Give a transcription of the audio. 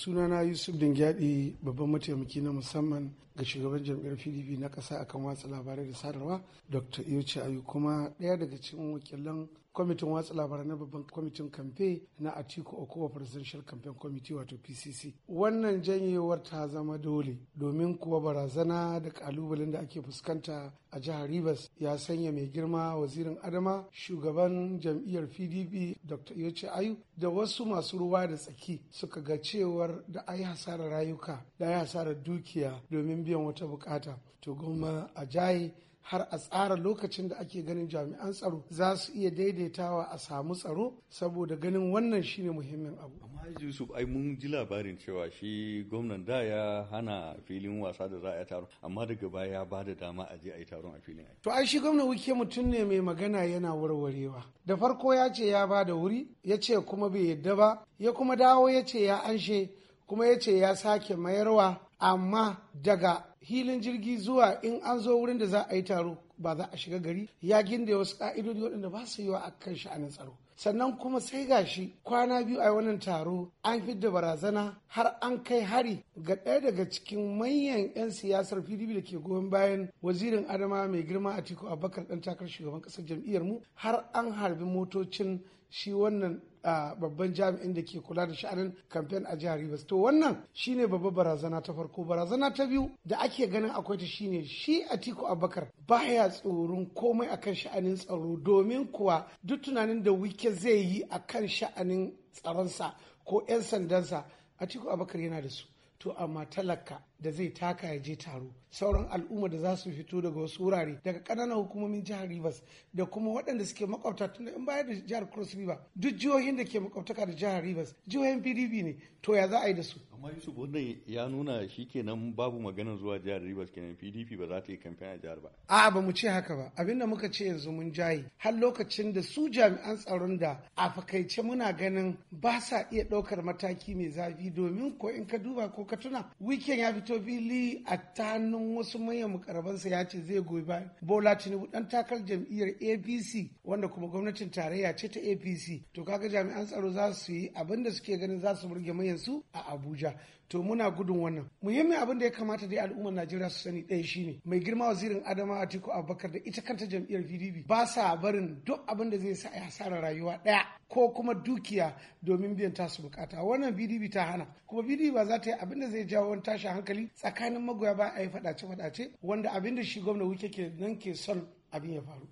sunana yusuf dingyadi babban mataimaki na musamman ga shugaban jam'iyyar pdp na kasa akan watsa labarai da sadarwa dr iyoci ayu kuma ɗaya daga cikin wakilan kwamitin watsa labarai na babban kwamitin kamfe na atiku okowa presidential campaign committee wato pcc wannan janyewar ta zama dole domin kuwa barazana da kalubalen da ake fuskanta a jihar rivers ya sanya mai girma wazirin adama shugaban jam'iyyar pdp dr iyoci ayu da wasu masu ruwa da tsaki suka ga cewar da ayi hasarar rayuka da ai hasarar dukiya domin biyan wata bukata to goma a jaye har a tsara lokacin da ake ganin jami'an tsaro za su iya daidaitawa a samu tsaro saboda ganin wannan shine muhimmin abu. Amma Yusuf ai mun ji labarin cewa shi gwamnan da ya hana filin wasa da za a taron amma daga baya ya bada dama a je a yi taron a filin. To ai shi gwamnan wuke mutum ne mai magana yana warwarewa. Da farko ya ce ya bada wuri ya ce kuma bai yadda ba ya kuma dawo ya ce ya anshe kuma ya ce ya sake mayarwa amma daga hilin jirgi zuwa in an zo wurin da za a yi taro ba za a shiga gari ya ginda wasu ka'idodi waɗanda ba su wa a kan sha'anin tsaro sannan kuma sai gashi kwana biyu a wannan taro an fidda barazana har an kai hari ga ɗaya daga cikin manyan 'yan siyasar pdp da ke goyon bayan wazirin adama mai girma a tiku abubakar ɗan takarar shugaban ƙasar jam'iyyar mu har an harbi motocin shi wannan babban jami'in da ke kula da sha'anin kamfen a jihar rivers to wannan shine babbar barazana ta farko barazana ta biyu da ake ake ganin akwai ta shine shi Atiku Abubakar baya tsoron komai akan sha'anin tsaro domin kuwa duk tunanin da wike zai yi akan sha'anin tsaronsa ko 'yan sandansa Atiku abakar yana da su to amma talaka da zai taka ya je taro sauran al'umma da za su fito daga wasu wurare daga kananan hukumomin jihar rivers da kuma waɗanda suke makwabta tun in bayar da jihar cross river duk jihohin da ke makwabtaka da jihar rivers jihohin pdp ne to ya za a yi da su amma yusuf wannan ya nuna shi kenan babu maganar zuwa jihar rivers kenan pdp ba za ta yi kamfen a jihar ba a ba mu ce haka ba abin da muka ce yanzu mun jaye har lokacin da su jami'an tsaron da a fakaice muna ganin ba sa iya ɗaukar mataki mai zafi domin ko in ka duba ko ka tuna weekend ya fito Tobili fili a tanun wasu manyan mukarabansa ya ce zai goyi bayan bola tinubu dan takar jam'iyyar apc wanda kuma gwamnatin tarayya ce ta apc to kaga jami'an tsaro za su yi abin da suke ganin za su burge mayan su a abuja to muna gudun wannan muhimmin abin da ya kamata dai al'ummar najeriya su sani ɗaya shine mai girma wazirin adama atiku abubakar da ita kanta jam'iyyar pdp ba sa barin duk abin da zai sa a hasara rayuwa ɗaya ko kuma dukiya domin biyan tasu bukata wannan bdb ta hana kuma bdb ba za ta yi abinda zai jawo wani tashi hankali tsakanin magoya ba a yi fadace-fadace wanda abinda shi gwamna wuke ke nan ke son abin ya faru